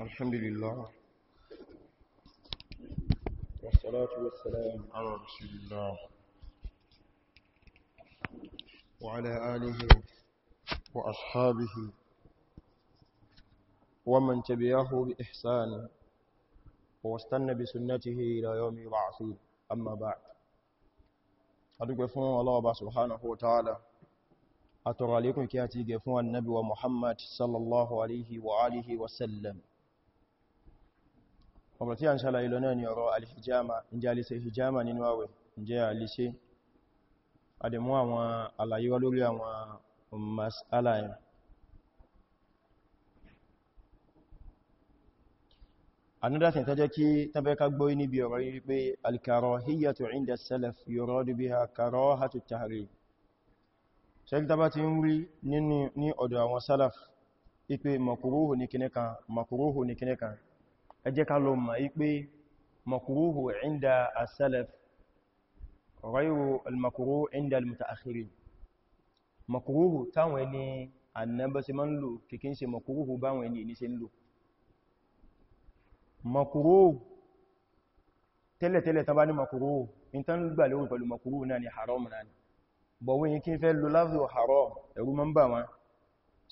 الحمد لله والصلاة والسلام على رسول الله وعلى آله وأصحابه ومن تبعه بإحسان واستنى بسنته إلى يوم يبعثون أما بعد أدوك فون الله سبحانه وتعالى أترى لكم كياتي فون النبي ومحمد صلى الله عليه وآله وسلم ọ̀rọ̀ tí a ń ṣàlàyé lọ náà ni ọ̀rọ̀ alìhijama ǹjẹ́ a lè ṣe hijama nínú àwẹ̀ ǹjẹ́ a lè ṣe adẹ̀mú àwọn àlàyé wá lórí àwọn mas'ala yẹn another thing tó jẹ́ kí tàbẹ́ká gbóyí níbi ọ̀rọ̀ yìí pé al-karāhiyatu 'inda as-salaf yurādu bihā karāhatu at-tahrīm ṣẹ́gbẹ́ta ti ń rí ní ọ̀dọ̀ àwọn salaf ipe makuruhu ní kìnnìkan ẹ jẹ́ ká lọ mọ̀ wípé makuruhu inda as-salaf ghayru al-makuruhu inda al-mutaakhirin makuruhu táwọn ẹni annaba ṣe máa ń lò kìkín ṣe makuruhu báwọn ẹni ní ṣe ń lò makuruhu tẹ́lẹ̀tẹ́lẹ̀ tàbá ní makuruhu in tán gbà lórí pẹ̀lú makuruhu náà ni haram náà ni bọ̀wọ́ yìí fẹ́ lò láàrín haram ẹ̀rú mọ́ ń wọn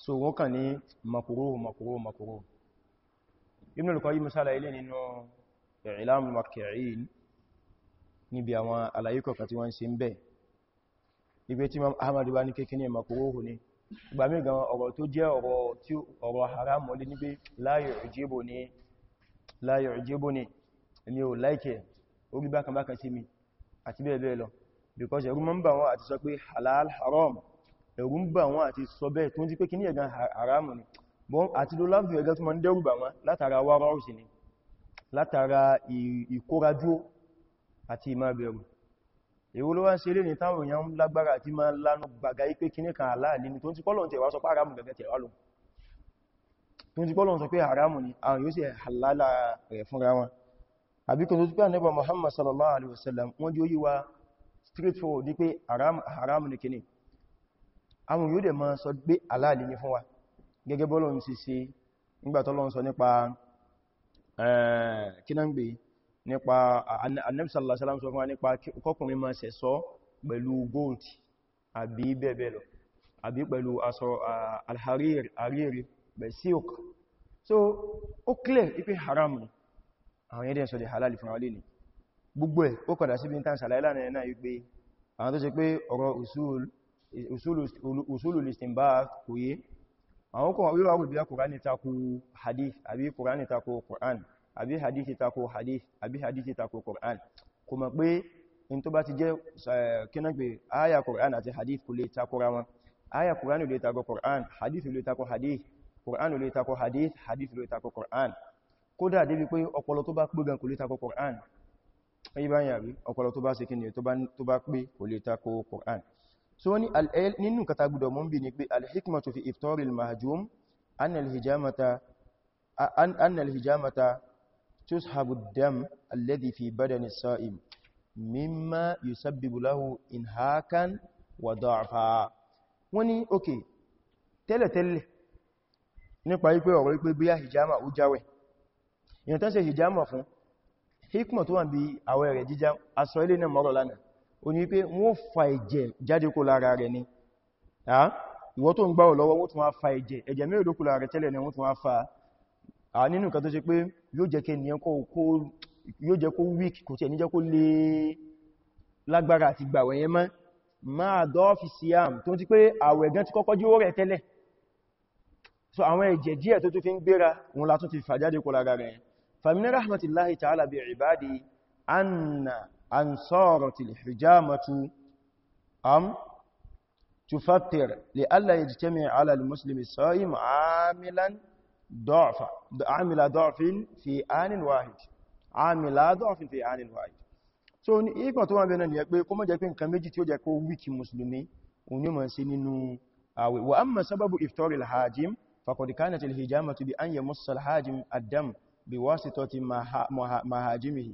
so wọ́n kàn ní makuruhu makuruhu makuruhu Ibn al-Qayyim sálà ilé nínú I'lam al-Makkiyyin níbi àwọn àlàyé kọ̀ọ̀kan tí wọ́n ṣe ń bẹ̀ ìgbé tí Imam Ahmad bá ní kékeré makruhu ni ìgbà mí gan ọ̀rọ̀ tó jẹ́ ọ̀rọ̀ tí ọ̀rọ̀ haram wọlé nígbé la yu'jibuni la yu'jibuni èmi ò láìkẹ̀ orí bákan bákan sí mi ati bẹ́ẹ̀ bẹ́ẹ̀ lọ because ẹ̀rù ma ń bà wọ́n àti sọ halal haram ẹ̀rù ń bà ati àti sọ bẹ́ẹ̀ tó ń jí pé kí haram ni àti ló láàrín ẹgbẹ́ tó ma ń dẹ́rùbà wọn látara wárá òsì ni látara ìkórajú àti ìmábẹ̀rù èwo ló wá ṣe lè ní táwọn èèyàn lágbára àti máa lánà gbàgá ipé kíní kan aláàlé ni tó ń ti pọ́lọ̀ tẹ̀wà sọ pé ni àwọn halala rẹ̀ fúnra wọn àbí kò tó ti pé ànẹ́bà Muhammad sallallahu alaihi wasallam wọ́n di ó yí wa straightforward ní pé ni kíní àwọn yóò dẹ̀ máa sọ pé aláàlé ni fún wa gẹ́gẹ́ bọ́lọ̀ ń ṣe ṣe nígbàtọ́lọ́n sọ nípa kínàgbé nípa Ànábì sallallahu sọ fún wa nípa kọkùnrin máa ṣẹ̀ṣọ́ pẹ̀lú gold àbí bẹ́ẹ̀bẹ́ẹ̀ àbí pẹ̀lú aṣọ alharir àrírí di halal gbogbo àwọn kan wíwá wù bí a kùránì takò hadith àbí kùránì takò kùrán àbí hadith takò hadith àbí hadith takò kùrán kò mọ̀ pé in tó bá ti jẹ́ kínàgbé aya kùrán àti hadith kò lè takora wọn aya kùránì lè takò kùrán hadith lè takò hadith kùránì lè takò hadith hadith lè takò kùrán kódà débi pé ọpọlọ tó bá pé gan kò lè takò kùrán ibáyàrí ọpọlọ tó bá ṣe kí ni tó bá pé kò lè takò kùrán so eh, ni nínú kata gbọ́dọ̀ mọ́ bí ní pé alhikmatu fi iftori al-mahjum an alhijamata tushabu dam alladhi fi badani sa'im mimma yusabbibu lahu inhakan wa da'fa wọ́n ní ok tẹ́lẹ̀tẹ́lẹ̀ nípa wípé ọ̀rọ̀ wípé bí hijama ó jáwẹ̀ ìyàn tán ṣe hijama fún hikmatu wà bí àwẹ̀ rẹ̀ jíjá aṣọ ilé náà mọ́rọ̀ o ní pé wọ́n fa ẹ̀jẹ̀ jáde kó lára rẹ̀ ni ìwọ tó ń gbáwọ̀ lọ́wọ́ wọ́n tún wá fa ẹ̀jẹ̀ ẹ̀jẹ̀ mẹ́rin ló kó lára rẹ̀ tẹ́lẹ̀ ni wọ́n tún wá fa à nínú nǹkan tó ṣe pé yóò jẹ́ kí ènìyàn yóò jẹ́ kó weak kò tí ẹni jẹ́ kó lè lágbára àti gbàwẹ̀ yẹn أن صارت الحجامة أم تفطر لألا يجتمع على المسلم الصائم عاملا ضعف عامل ضعف في آن واحد عامل ضعف في آن واحد so ní ikọ̀ tó wà bẹ̀rẹ̀ ni pé kó má jẹ́ ko mọ́ nǹkan méjì tí ó jẹ́ kó wíkì musulmi òun mọ̀ sí nínú àwẹ̀ wa amma sababu iftori alhajim faqad kanat hijamatu bi an yamussa alhajim ad-dam bi wasitati mahajimihi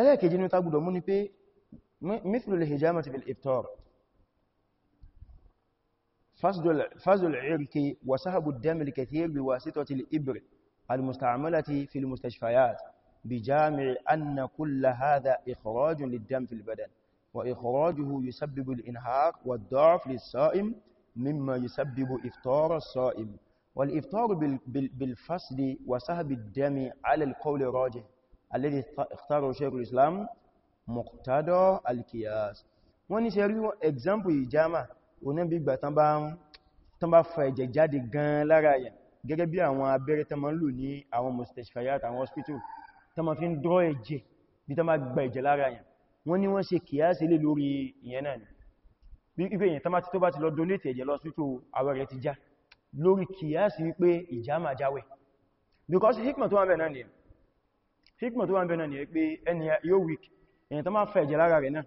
ẹlẹ́ẹ̀kejì ní tágbùdọ̀ mú ní pé mithlul hijamati bil iftar fásdùl irki wa sahabu damil kathir bi wasitati al ibr al musta'malati fil bi jami'i anna kulla hadha ikhrajun lid dam fil badan wa ikhrajuhu yusabbibu al inhaq wa ad-da'f lis sa'im mimma yusabbibu iftar as-sa'im wal iftar bil fasdi wa sahabi ad-dami ala al qawl rajih الذي اختاره شيخ الإسلام مقتضى القياس wọ́n ní ṣe rí example ìjámà onígbígbà tán bá fa ẹ̀jẹ̀ jáde gan lára yẹn gẹ́gẹ́ bí àwọn abẹ́rẹ́ tán ma ń lò ní àwọn mustashfayat àwọn hospital tán ma fi ń draw ẹ̀jẹ̀ bí tán ma gba ẹ̀jẹ̀ lára yẹn wọ́n ní wọ́n ṣe kìyàsí lè lórí ìyẹn náà ni wípé èyàn tán bá ti tó bá ti lọ donate ẹ̀jẹ̀ lọ sí tó àwọ̀ rẹ̀ ti já lórí kìyàsí wípé ìjámà jáwẹ̀ because hikmah tó wà bẹ̀ náà hikmọ̀ tó wà ń bẹ náà ni pé ẹni yóò wík èyàn tó máa fẹ́ ẹ̀jẹ̀ lára rẹ̀ náà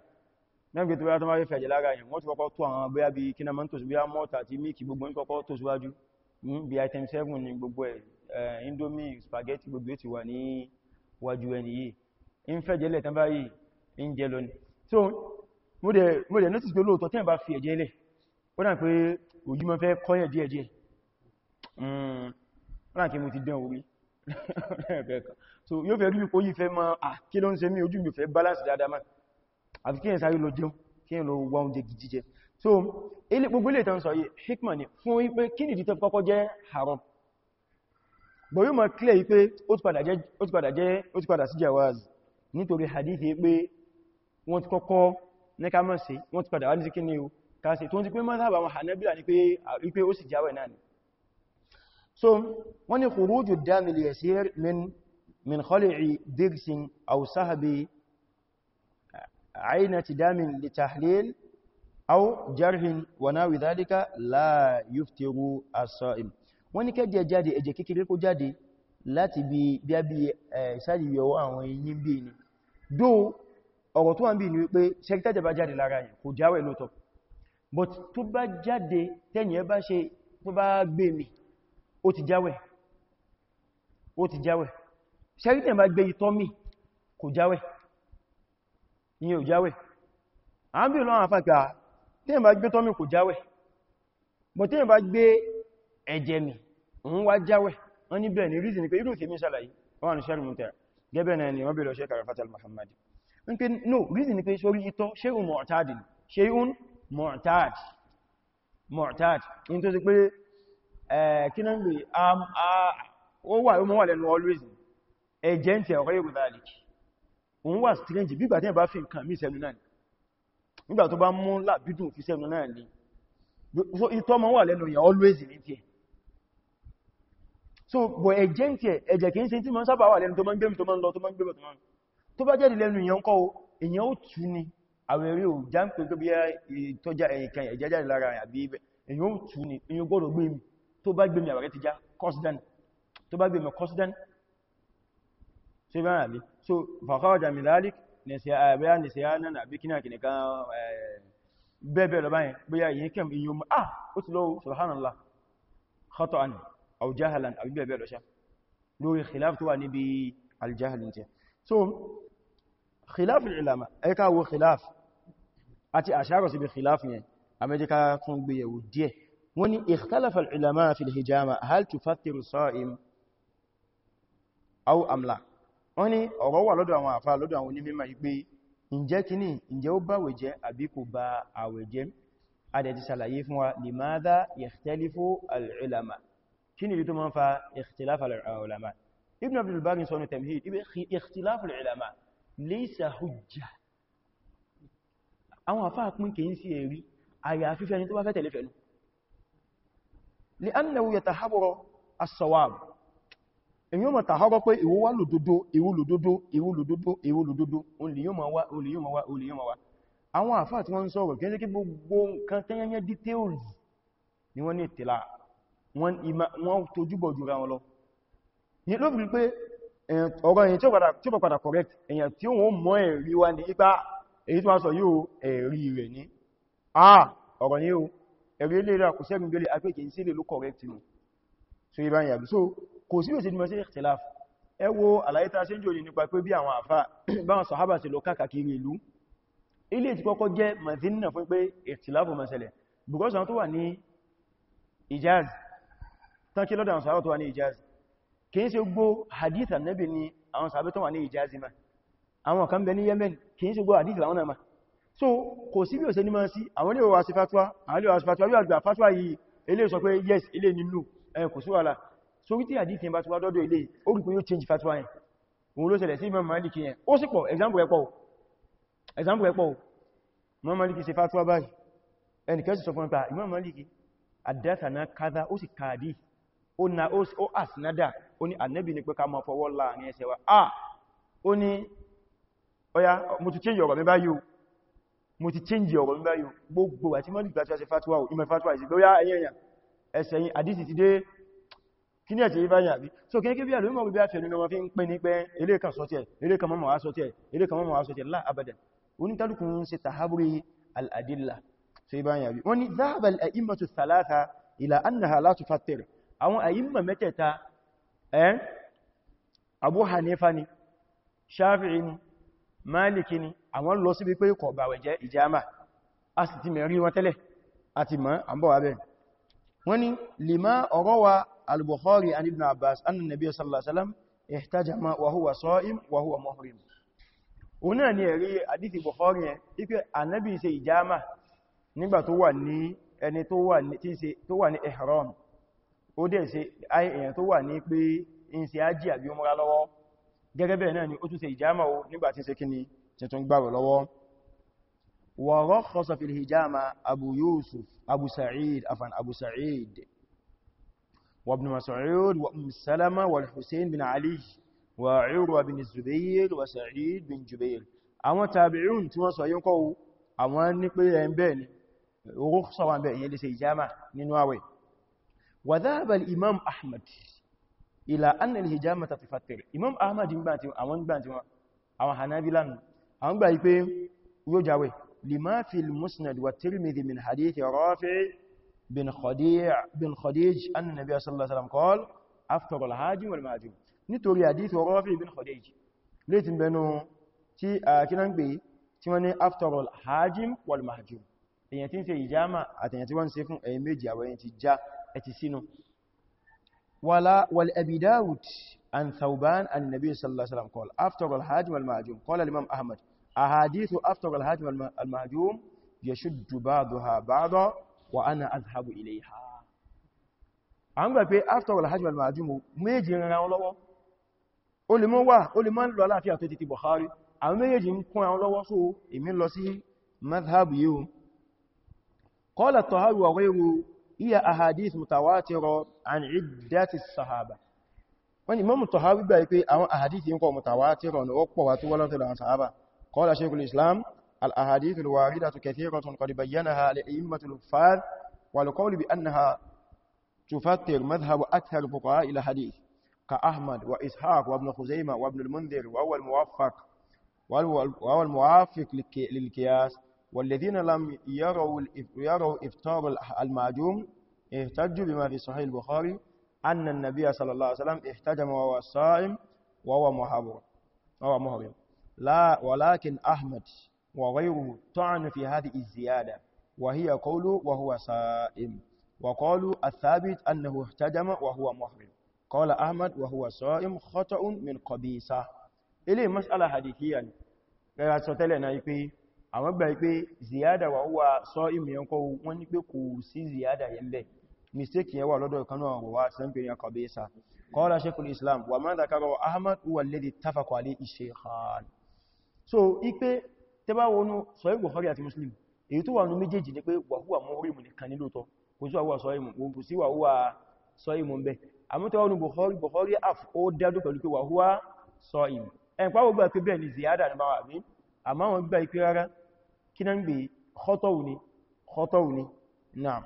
náà gbé tó bá tó máa fẹ́ ẹ̀jẹ̀ lára yẹn wọ́n ti kọ́kọ́ tó àwọn abẹ́yà bí kí na máa ń tòsí bí mọ́ta àti mílìkì gbogbo ní kọ́kọ́ tó síwájú hmm, bí item 7 ni gbogbo ẹ̀ eh, indomie spaghetti gbogbo ti wà ní wájú ẹni yìí ń fẹ́ jẹ́ lẹ̀ tán báyìí ń jẹ lọ ni so mo dẹ̀ mo dẹ̀ notice pé lóòótọ́ tí ẹ̀ bá fi ẹ̀jẹ̀ lẹ̀ ó dà pé òyí mọ́ fẹ́ kọ́yẹ̀ díẹ̀díẹ̀ ránà hmm, kí mo ti dán orí so yóò fẹ́ rí oyi fẹ́ mọ́ ah, kí ló ń se mí ojú mi fẹ́ balance dáadáa máa àti kí ẹ̀ sáré lọ jẹun kí ẹ̀ lọ wá oúnjẹ gidi jẹ so ilé gbogbo ilé ìtàn sọ yìí hikman ni fún wípé kí nìdí tó kọ́kọ́ jẹ́ haram bọ̀ yóò mọ̀ clear wípé ó ti padà jẹ́ ó ti padà jẹ́ sí jawaz nítorí hadith pé wọ́n ti kọ́kọ́ ní ká mọ̀ sí wọ́n ti padà wá ní sí kí ni o ká sí tó ń ti pé mọ́ sábà wọn hanabila ni pé ó sì jáwẹ̀ náà so wọ́n ní khuruju damil yasir min min khali'i digsin aw sahbi aynati damin li tahlil aw jarhin wa nawi dhalika la yuftiru as-sa'im wọ́n ní keje jáde ẹ̀jẹ̀ kékeré kó jáde láti bí bí abi isadi yo àwọn but tó bá jáde tẹ́yin tó bá gbé mi ó ti jáwẹ̀ ó ti jáwẹ̀ ṣẹ́rítẹ̀ bá gbé ìtọ́ mì kò jáwẹ̀ ìyẹn ò jáwẹ̀ a ń bí lọ́wọ́ àfáàkà tí èyàn bá gbé tọ́mì kò jáwẹ̀ bọ̀ tí èyàn bá gbé ẹ̀jẹ̀ mì ń wá jáwẹ̀ wọ́n ní bẹ̀ẹ̀ ni rízi ni pé irú tèmi ṣàlàyé wọ́n ni Eh, kí náà lè um, ó wà ó mọ́ wà lẹ́nu always ẹjẹ́ ń tẹ ọ̀rẹ́ yóò dáadì òun wà strange bí ìgbàtí ẹ̀bá fi nǹkan mí sẹ́nu náà nígbà tó bá mú làbídùn fi sẹ́nu náà ní so ìtọ́ mọ́ wà lẹ́nu yẹn always ní so bọ̀ ẹjẹ́ ń tẹ ẹjẹ́ kìí ṣe tí mọ́ sábà wà lẹ́nu tó mọ́ ń gbẹ́mù tó mọ́ ń lọ tó mọ́ ń gbẹ́mù tó bá jáde lẹ́nu yẹn kọ́ èyàn ó tú ni ò já ni èyàn gbọ́dọ̀ gbé mi tó bá gbẹ̀mí àwárẹ́ ti já kọ́sdán tó bá gbẹ̀mí kọ́sdán ṣe bá rà bí so fàkọ́wàjá milalik nìsíyà nìsíyà náà àbí kí náà kìnnìkan bẹ́ẹ̀bẹ́ lọ báyìí bóyá ìyẹn kẹm iye mọ́ ah ó ti lọ́wọ́ subhanallah khata'an aw jahalan àbí bẹ́ẹ̀bẹ́ lọ ṣá so khilaf al-ulama ẹ̀ka wo khilaf àti àṣàrọ̀ sí bí khilaf yẹn amẹ́jíká tún gbéyẹ̀wò díẹ̀ wọ́n ní ikhtalafa al-ulama fi al-hijama hal tufattiru sa'im aw am la wọ́n ní ọ̀rọ̀ wà lọ́dọ̀ àwọn àfá lọ́dọ̀ àwọn onímọ̀ ìpé ǹjẹ́ kíní ǹjẹ́ ó bá àwẹ̀ jẹ́ àbí kò bá àwẹ̀ adẹ̀dì sàlàyé fún wa limadha yakhtalifu al-ulama kí ni tó máa ń fa ikhtilafa al لأنه يتحرر الصواب èyí yóò máa tàhọ́rọ́ pé ìwọ wá lòdòdó ìwọ lòdòdó ìwọ lòdòdó ìwọ lòdòdó olè yóò máa wá olè yóò máa wá olè yóò máa wá àwọn àfáà tí wọ́n ń details ni wọ́n ní ìtìlá wọ́n tójúbọ̀ jùra wọn lọ ní ló fi pé ọ̀rọ̀ èyí tí ó padà correct èyàn tí ó mọ́ ẹ̀rí wá ní ipa èyí tí sọ ah, ọ̀rọ̀ ẹ̀rí ilé ìrà kò sẹ́gun gbélé agbékè so ibá yàgbé so kò sí òsì nímọ̀ sí ìtìláf ẹ wo àlàyétà ṣe ń jò ní nípa pé bí àwọn àfá báwọn sàhábà sí lọ káàkiri ìlú ilé ti kọ́kọ́ jẹ́ madina fún pé ìtìláf ó máa ṣẹlẹ̀ because àwọn tó wà ní Hijaz tánkí lọ́dọ̀ so kò sí bí ò ṣe ní máa sí àwọn ilé ìwà sí fatwa àwọn ilé ìwà sí fatwa yóò àgbà fatwa yìí ilé sọ pé yes ilé nínú ẹ kò sí wàhálà so wítí àdífẹ́ bá ti wá dọ́dọ̀ ilé ó rí pé yóò change fatwa yẹn òun ló ṣẹlẹ̀ sí Imam Maliki yẹn ó sì pọ̀ example ẹ̀pọ̀ example ẹ̀pọ̀ Imam Maliki ṣe fatwa báyìí ẹnìkan sì sọ fún pa ah, Imam Maliki àdásànà kaza ó sì kàdí ó na ó àsìnádà ó ní ànẹ́bì ní pé ká máa fọwọ́ láàrin ẹsẹ̀ wa ah ó ní ọya mo ti change ọ̀rọ̀ mi báyìí mo ti change ọ̀rọ̀ mi báyìí gbogbo àti mọ́ nígbà tí a ṣe fatuwa o ìmọ̀ fatuwa ìsìnkú ya ẹ̀yẹ̀ èèyàn ẹsẹ̀ yìí àdísì ti dé kí ní ẹ̀tẹ̀ ìbáyà bí so kéèké bí àlúmọ̀ bí àfẹ́ nínú wọn fi ń pè ní pé ilé kan sọ́tẹ̀ ilé kan mọ́mọ̀ asọ́tẹ̀ ilé kan mọ́mọ̀ asọ́tẹ̀ lá abadan oníkálùkù ń ṣe tàhábùrí al'adilla so ìbáyà bí wọ́n ila annaha la tufattir àwọn a'imma mẹ́tẹ̀ẹ̀ta Abu Hanifa ni Shafi'i ni máàlìkì ni àwọn lọ sí wípé kò bàwẹ̀ jẹ́ ìjáàmà a sì ti mẹ̀rí wọn tẹ́lẹ̀ àti mọ́ àmbọ̀ abẹ́ wọ́n ni lima ọ̀rọ̀ wa al-Bukhari an ibn Abbas annan nabi sallallahu alaihi wasallam ihtajama wa huwa sa'im wa huwa muhrim ọ̀nà ni ẹ̀rí hadith Bukhari yẹn ipe Ànábì ṣe ìjáàmà nígbà tó wà ní gẹ́gẹ́ bẹ́ẹ̀ náà ni ó tún ṣe ìjámà ó nígbàtí ṣe kíni tẹ̀tún gbàwẹ̀ lọ́wọ́ wa rakhasa fil hijama abu yusuf abu sa'id afan abu sa'id wa ibn mas'ud wa umm salama hussein bin ali wa urwa bin zubair wa sa'id bin jubair àwọn tabi'un tí wọ́n sọ yín kọ́ àwọn ní pé ila anna al-hijamata tufattir imam ahmad ngba tí àwọn ngba tí wọ́n àwọn hanabilan àwọn gbà pé yó jawe lima fil musnad wa tirmidhi min hadith rafi' bin khadij bin khadij anna nabiy sallallahu alaihi wasallam qala aftara al-hajim wal majum nítorí hadith rafi' bin khadij letin benu tí kinan gbe tí wọ́n ní aftara al-hajim wal mahjum èyàn tin ṣe ijama tí wọ́n ṣe fún èyàn méjì àwọn èyàn já ẹ ti sínú ولا والابي داود عن ثوبان عن النبي صلى الله عليه وسلم قال افطر الحاج والمعجوم قال الامام احمد احاديث افطر الحاج والمعجوم يشد بعضها بعضا وانا اذهب اليها عم بقى افطر الحاج والمعجوم ميجي ران لوو اولي مو وا اولي مان لو لافيا تي تي بخاري عم ميجي نكون ران لوو سو ايمي لو هي أحاديث متواترة عن عدة الصحابة wọ́n ni mọ́mù tọ̀háwí gbà pé àwọn àhàdìtì ń kọ mọ̀tàwátírọ̀ ní ó pọ̀ wà tó wọ́n lọ́tọ̀lọ̀ àwọn sàábà kọ́lá ṣekùn islam al'ahadìtì lùwàrídà tó kẹfẹ́ rọ̀tún kọ̀dì bayyana ha al'ayyí matul fad walkọ́lù bi an ha tufattir madhhabu akthar fuqaha ila hadith ka ahmad wa ishaq wa ibn khuzaima wa ibn al-mundhir wa awal muwaffaq wa awal muwafiq lil qiyas والذين لم يروا يروا افطار المعجوم احتجوا بما في صحيح البخاري أن النبي صلى الله عليه وسلم احتجم وهو صائم وهو محرم وهو محرم لا ولكن أحمد وغيره طعن في هذه الزيادة وهي قول وهو صائم وقالوا الثابت أنه احتجم وهو محرم قال أحمد وهو صائم خطأ من قبيسة الى مسألة حديثيا كما ستلنا يبي àwọn gbà pé ziyada wà wà sọ ìmì ẹnkọ́ wọ́n ní pé kò sí ziyada yẹn bẹ́ mistake yẹn wà lọ́dọ̀ kanú àwọ̀wà sẹ́mfẹ̀ yẹn kọ̀bẹ̀ sá qala shaykhul islam wà máa ahmad wà lèdè tafakọ̀ alé shaykhan so ipé tẹbá wọnú sahih bukhari àti muslim èyí tó wà nú méjèèjì ni pé wà húwà muhrim nìkan ní lóòtọ́ kò sí wà sọ́ìmù kò sí wà húwà sọ́ìmù ń bẹ́ àmútọ́ wọnú bukhari bukhari af ó dádó pẹ̀lú pé wà húwà sọ́ìmù wọn gbà ìpé rárá kí náà ń gbé khọ́tọ̀wù ni khọ́tọ̀wù ni náà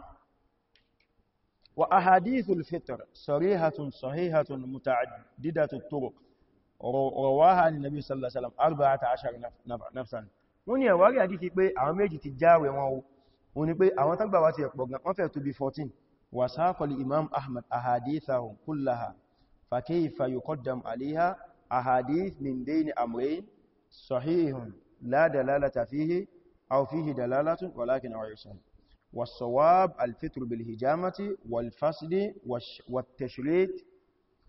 wa ahadithul fitr sarihatun sahihatun muta'addidatu turuq rawaha an nabi sallallahu alaihi wasallam arba'ata ashara nafsan wọ́n ní àwárí àdífi pé àwọn méjì ti jáwẹ̀ wọn o wọ́n ní pé àwọn tán gbàwà ti ẹ̀pọ̀ gan wọ́n fẹ́ tó bí 14 wa saqal imam ahmad ahadithahum kullaha fa kayfa yuqaddam alaiha ahadith min bayni amrayn sahihun la dalalata fihi أو فيه دلالة ولكن أو يسهل والصواب الفطر بالهجامة والفسد والتشريد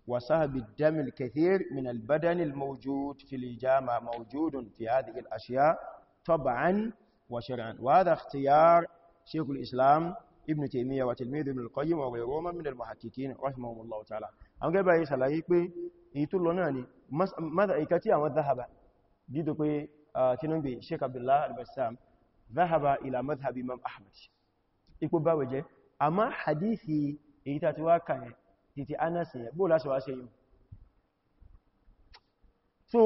وسهب الدم الكثير من البدن الموجود في الهجامة موجود في هذه الأشياء طبعا وشرعا وهذا اختيار شيخ الإسلام ابن تيمية وتلميذ ابن القيم وغيرهما من المحققين رحمهم الله تعالى أنا gẹ́gẹ́ báyìí أنا pé èyí أنا lọ náà أنا mọ́sàíkà tí أنا záhàbà dídò pé kínúgbé sheik abdullah al-bassam zahaba ila madhhab imam ahmad ipò báwẹ̀ jẹ́ àmá hadithi èyí tàti wá kàyẹ̀ títí anasi yẹ bóò lásọ̀wá sí yíò so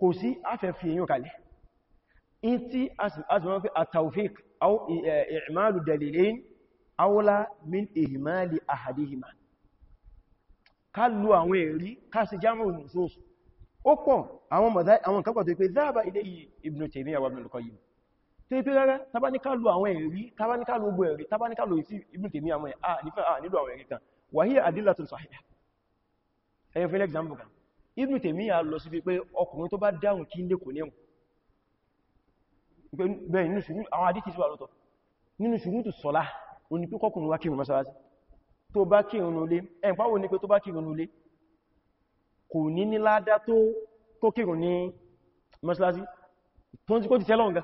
kò sí afẹ́fì èyí kalẹ̀ in tí asìmọ́ pé at-tawfiq aw i'malu dalilain awla min ihmali ahadihima ká lu àwọn ẹ̀rí ká sì jámọ̀ nusus ó pọ̀ àwọn kan pàtó pé záàbà ilé Ibn Taymiyyah wa Ibn al-Qayyim tó yí pé rárá tàbáníkàlù àwọn ẹ̀rí tàbáníkàlù ogun ẹ̀rí tàbáníkàlù ìsí Ibn Taymiyyah àwọn nílò àwọn ẹ̀rí kan wa hiya adillatun sahihah ẹ̀yẹ fún example kan Ibn Taymiyyah lọ sí pé ọkùnrin tó bá dáhùn kí lè kò ní ẹ̀wọ̀n bẹ́ẹ̀ nínú ṣùgbọ́n àwọn adìtì sí wà lọ́tọ̀ nínú ṣùgbọ́n tó sọ́lá onípínkọkùnrin wá kírun mọ́sálásí tó bá kírun nulé ẹ̀páwò ní pé tó bá kírun nulé kò ní ní ládá tó kírùn ní mọ́sálásí tó ń tí kó ti tẹ́lọ̀ ǹgá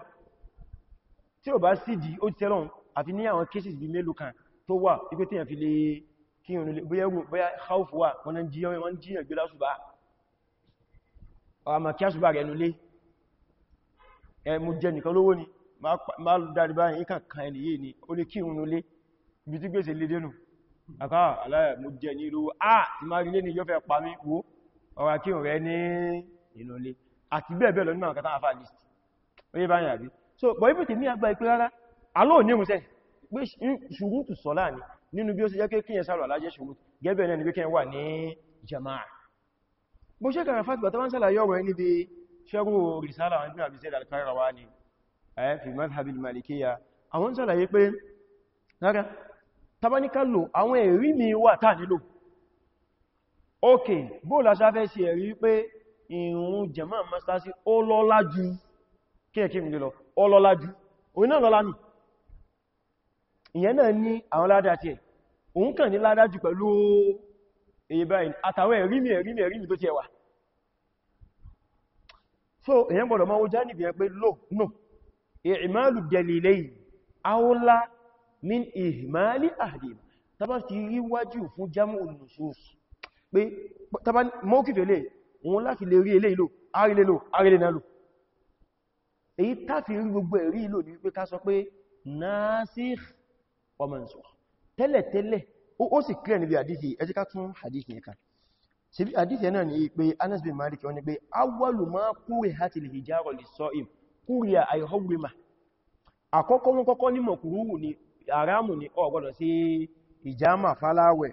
tí ò bá sí di ó ti tẹ́lọ̀ àfi ní àwọn cases bí mélòó kan tó wà ipé tí yàn fi lè kírùn lè bóyá haufu wà wọ́n jíyàn gbé lásùbá ọmọ kí àsùbá rẹ̀ nulé ẹ mú jẹ nìkan lówó ni ni ó lè ibi tí gbèsè lè dénù àkáà aláyà mú jẹ ní lówó ah ti máa rí lé ní yọ́fẹ́ pa mí ọwà kí o rẹ ní ìnúlé àti bẹ́ẹ̀bẹ́ẹ̀ lọ nínú àkàtà àfà list oye báyìí àbí so bọ̀ ibùtì ní àgbà ìpé rárá alóò ní ìmúsẹ́ pé ṣùrútù sọ́lá ní nínú bí ó sì jẹ́ kí kíyàn sálọ̀ alájẹ́ ṣùrútù gẹ́bẹ̀ náà ni pé kíyàn wà ní jama'a bó ṣe kàrà fàtí bàtà wọ́n sálàyé ọ̀rọ̀ ẹni bí ṣẹ́rù rìsálà wọn bí àbí sẹ́dà alkárawa ni fi mazhabi malikiya àwọn sálàyé pé rárá tabaníkà lò àwọn èrí mi wà tà nílò ok bó lásáfẹ́ sí ẹ̀rí pé ìrun jẹ̀mọ́ mọ́sásí ó lọ́lá jù kíẹ̀kí ìrìn lọ ó lọ́lá jù òun náà lọ́lá nù ìyẹn náà ní àwọn ládá tí ẹ̀ òun kàn ní ládá jù pẹ̀lú èyíbáyìn àtàwọn ẹ̀rí mi ẹ̀rí mi ẹ̀rí mi tó ti ẹ̀wà so èyàn gbọ́dọ̀ pé tàbá mọ́kìtò ilé òun láti lè rí ilé ìlò àrílé lò àrílé náà lò èyí tàfi rí gbogbo ẹ̀rí ìlò ní pé ká sọ pé nasikh wa mansukh tẹ́lẹ̀tẹ́lẹ̀ ó sì clear níbi hadithi ẹ jẹ́ ká tún hadithi ẹ̀ka ṣe bí hadithi náà ni pé Anas bin Malik wọ́n ní pé awwalu ma kurihati al-hijara lis-sa'im kúrìyà àìhọ́gbìmà àkọ́kọ́ wọn kọ́kọ́ ní mọ̀kúrúwù ni àrámù ni ọ̀gbọ́dọ̀ sí ìjámà fáláwẹ̀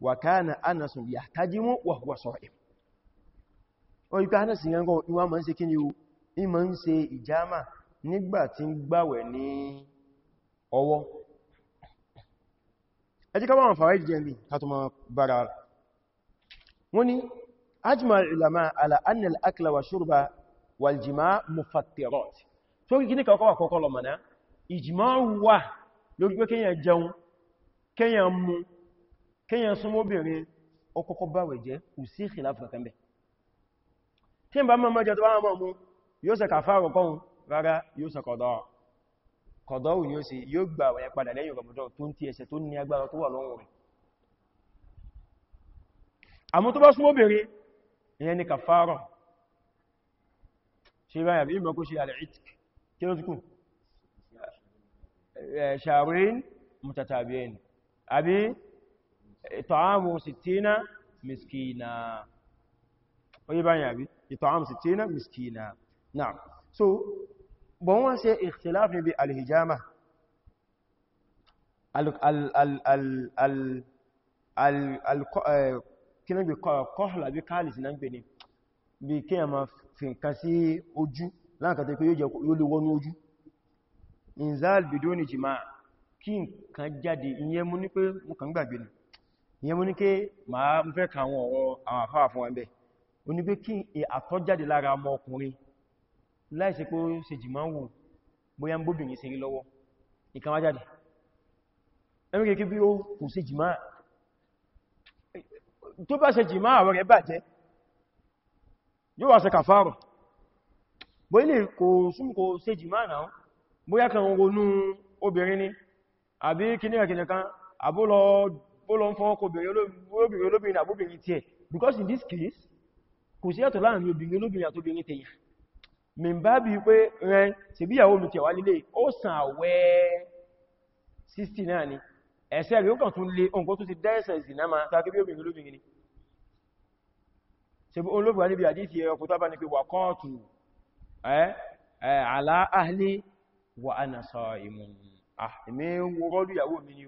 وكان أنس يحتجم وهو صائم ويبقى أنس ينقو ìwà máa ń ṣe kíni o ìmọ̀ ń ṣe ìjámà nígbà tí ń gbàwẹ̀ ní ọwọ́ ẹjí ká wọ́n fàwẹ́ ìjẹ́ ní kàtùmà bára wọ́n ni ajma al-ulama ala anna al-akla wa shurba wal kíyàn súnmọ́ obìnrin ọkọ̀kọ́ báwẹ̀ jẹ́ kò sí ìkìláfà kẹ́m̀bẹ̀ tí ń bá mọ́ mọ́jọ tó bá mọ́ mú yóò ṣe kàfàrọ̀ kọ́hun rárá yóò ṣe kọ̀dọ̀ kọ̀dọ̀ òun yóò ṣe yóò gbà wẹ̀ padà lẹ́yìn rọ̀bọ̀dọ̀ tó ń ti ẹsẹ̀ tó ní agbára tó wà lọ́rùn rẹ̀ àmọ́ ìtọ̀hámù sittina miskina oye báyìí àbí ìtọ̀hámù sittina miskina náà so bọ̀ wọ́n ṣe ikhtilaf níbi alhijama kínan bí kọ́hùlà bí káàlìsì náà ń pè ní bí kí a ma fi nǹkan sí ojú láàkàtà pé yóò lè wọnú ojú inzal bidoni jima kí nǹkan jáde ìyẹn mú ní pé mú kàn gbàgbé ni ìyẹn mo ní pé máa ń fẹ́ ka àwọn ọ̀rọ̀ àwọn àfáà fún wa bẹ́ o ní pé kí àtọ́jáde lára ọmọ ọkùnrin láìsí pé ó ṣe jì máa ń wù bóyá ń bóbìnrin sí rí lọ́wọ́ ìkan wá jáde ẹmìnkì kí bí ó kù ṣe jì kan àbúlọ bó lọ ń fọwọ́ kọ obìnrin olóbìnrin àbóbìnrin tí ẹ̀ because in this case kò sí yàtọ̀ láàrin obìnrin olóbìnrin àtóbìnrin tèyàn min bá bí pé rẹn sì bí ìyàwó mi tẹ̀wà lílé ó sàn àwẹ́ 60 náà ni ẹ̀ṣẹ̀ rẹ̀ ó kàn tún lé ọ̀nkọ́ tó ti dẹ́ẹ̀sẹ̀ ìsìnà máa tàbí bí obìnrin olóbìnrin ni ṣe bí olóbìnrin níbi àdífì ẹ̀rọ kò tábà ní pé wà kọ́ọ̀tù ala ahli wa ana sa'imun ah èmi ń wọ́rọ́dù ìyàwó mi ni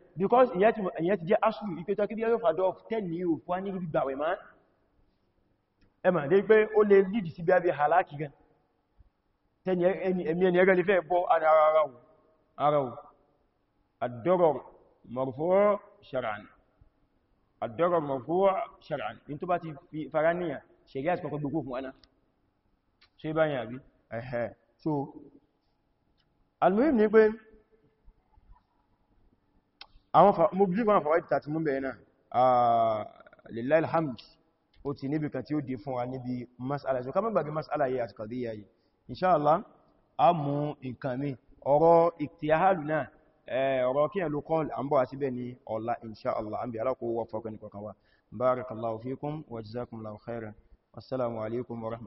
because ìyẹn ti jẹ́ aṣùlù ipé tọ́kí bí ẹ̀rọ̀fà dọ́ 10 ní òfú á ní gbígbà wẹ̀ máa ẹmà dé pé ó lè lead sí bí i halaki gan ẹni ẹni ẹgẹ́ lè fẹ́ bọ́ ara ò ad-darar marfu' shar'an ad-darar marfu' shar'an in tó bá ti fara níyà ṣẹ̀rí àti kọ́kọ́ gbogbo fún aná ṣe báyìí àbí ẹ̀hẹ́ so al-muhim ni pé àwọn mọ̀bílù àwọn fàwáìdì tàti mú bẹ̀rẹ̀ náà ah, lillahi alhamd ó ti níbi kan tí ó dé fún wa níbi masala so ká má gbàgbé masala yìí àti kàdí yìí inṣáàlá a mú nǹkan mi ọ̀rọ̀ iktihalu náà eh, ọ̀rọ̀ kí ẹlú kọ́l an bọ́ àti bẹ́ẹ̀ ni ọ̀la inṣáàlá an bí wa barakallahu wa jazakumullahu